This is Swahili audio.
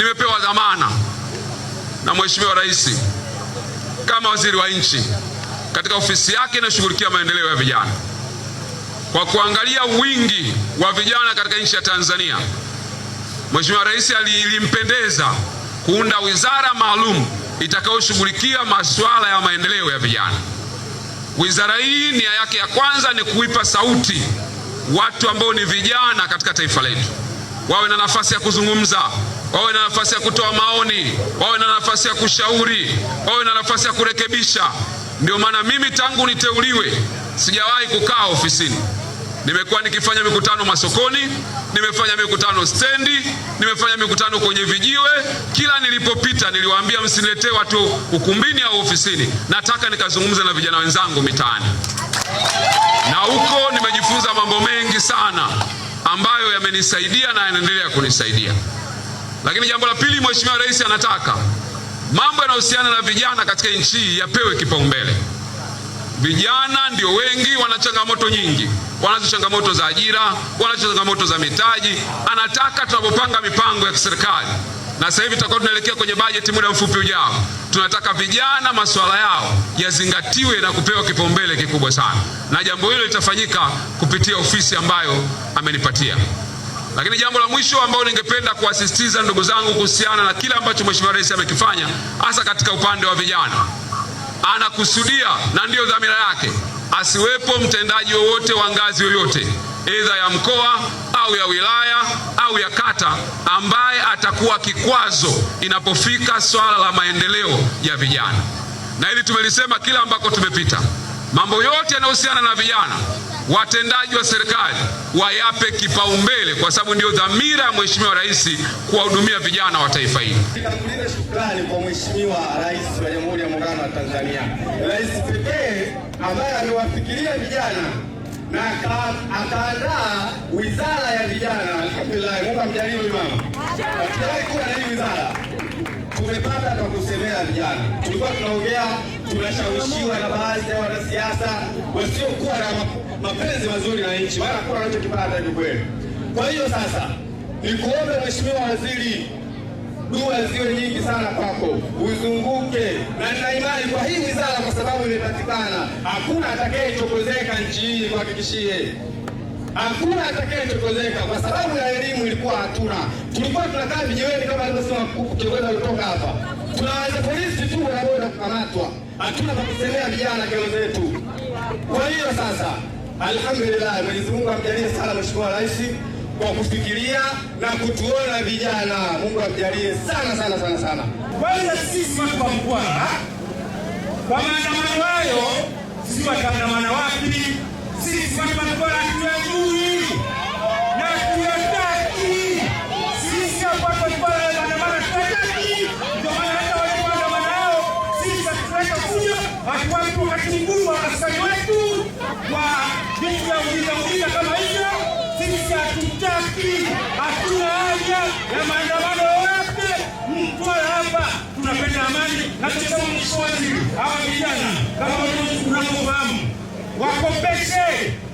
nimepewa dhamana na Mheshimiwa Rais kama waziri wa nchi katika ofisi yake inayoshughulikia maendeleo ya vijana kwa kuangalia wingi wa vijana katika nchi ya Tanzania. Mheshimiwa Rais alimpendeza kuunda wizara maalum itakayoshughulikia masuala ya maendeleo ya vijana. Wizara hii nia yake ya kwanza ni kuipa sauti watu ambao ni vijana katika taifa letu, wawe na nafasi ya kuzungumza wawe na nafasi ya kutoa maoni, wawe na nafasi ya kushauri, wawe na nafasi ya kurekebisha. Ndio maana mimi tangu niteuliwe sijawahi kukaa ofisini. Nimekuwa nikifanya mikutano masokoni, nimefanya mikutano stendi, nimefanya mikutano kwenye vijiwe. Kila nilipopita niliwaambia msiniletee watu ukumbini au ofisini, nataka nikazungumza na vijana wenzangu mitaani, na huko nimejifunza mambo mengi sana ambayo yamenisaidia na yanaendelea kunisaidia. Lakini jambo la pili, Mheshimiwa Rais anataka mambo yanayohusiana na vijana katika nchi hii yapewe kipaumbele. Vijana ndio wengi, wana changamoto nyingi, wanazo changamoto za ajira, wanazo changamoto za mitaji. Anataka tunapopanga mipango ya kiserikali na sasa hivi tutakuwa tunaelekea kwenye bajeti muda mfupi ujao, tunataka vijana masuala yao yazingatiwe na kupewa kipaumbele kikubwa sana, na jambo hilo litafanyika kupitia ofisi ambayo amenipatia. Lakini jambo la mwisho ambalo ningependa kuwasisitiza ndugu zangu, kuhusiana na kile ambacho Mheshimiwa Rais amekifanya hasa katika upande wa vijana, anakusudia na ndiyo dhamira yake asiwepo mtendaji wowote wa ngazi yoyote, aidha ya mkoa au ya wilaya au ya kata, ambaye atakuwa kikwazo inapofika swala la maendeleo ya vijana, na hili tumelisema kila ambako tumepita. Mambo yote yanayohusiana na vijana, watendaji wa serikali wayape kipaumbele, kwa sababu ndio dhamira ya Mheshimiwa Rais kuwahudumia vijana wa taifa hili. Nikulie shukrani kwa Mheshimiwa Rais wa Jamhuri ya Muungano wa Tanzania, rais pekee ambaye amewafikiria vijana na akaandaa wizara ya vijana. Alhamdulillah, Mungu amjalie mama Tumepata kwa kusemea vijana, tulikuwa tunaongea tunashawishiwa na baadhi ya wanasiasa wasiokuwa na mapenzi mazuri na nchi wala kuwa wanachokipata ni kweli. Kwa hiyo sasa nikuombe Mheshimiwa Waziri, dua ziwe nyingi sana kwako, uzunguke na nina imani kwa hii wizara, kwa sababu imepatikana. Hakuna atakayechokozeka nchi hii, kuhakikishie hakuna atakayechokozeka kwa sababu ya elimu ilikuwa hatuna. Tulikuwa tunakaa vijiweni kama alivyosema kiongozi alitoka hapa, tunawaza polisi tu wanaboda kukamatwa hatuna pa kusemea vijana kero zetu. Kwa hiyo sasa, alhamdulillah, Mwenyezi Mungu amjalie sana Mheshimiwa Rais kwa kufikiria na kutuona vijana. Mungu amjalie sana sana sana sana. Kwanza sisi watu wa Mtwara, kwa maandamano hayo sisi wataandamana wapi? Sisi watu wa Mtwara hatujui lakini huyu askari wetu wa vita ujinga ujinga kama hivyo, sisi hatutaki, hatuna haja ya maandamano yoyote. Mtoe hapa, tunapenda amani na tusema mshauri hawa vijana kama unavyofahamu, wakopeshe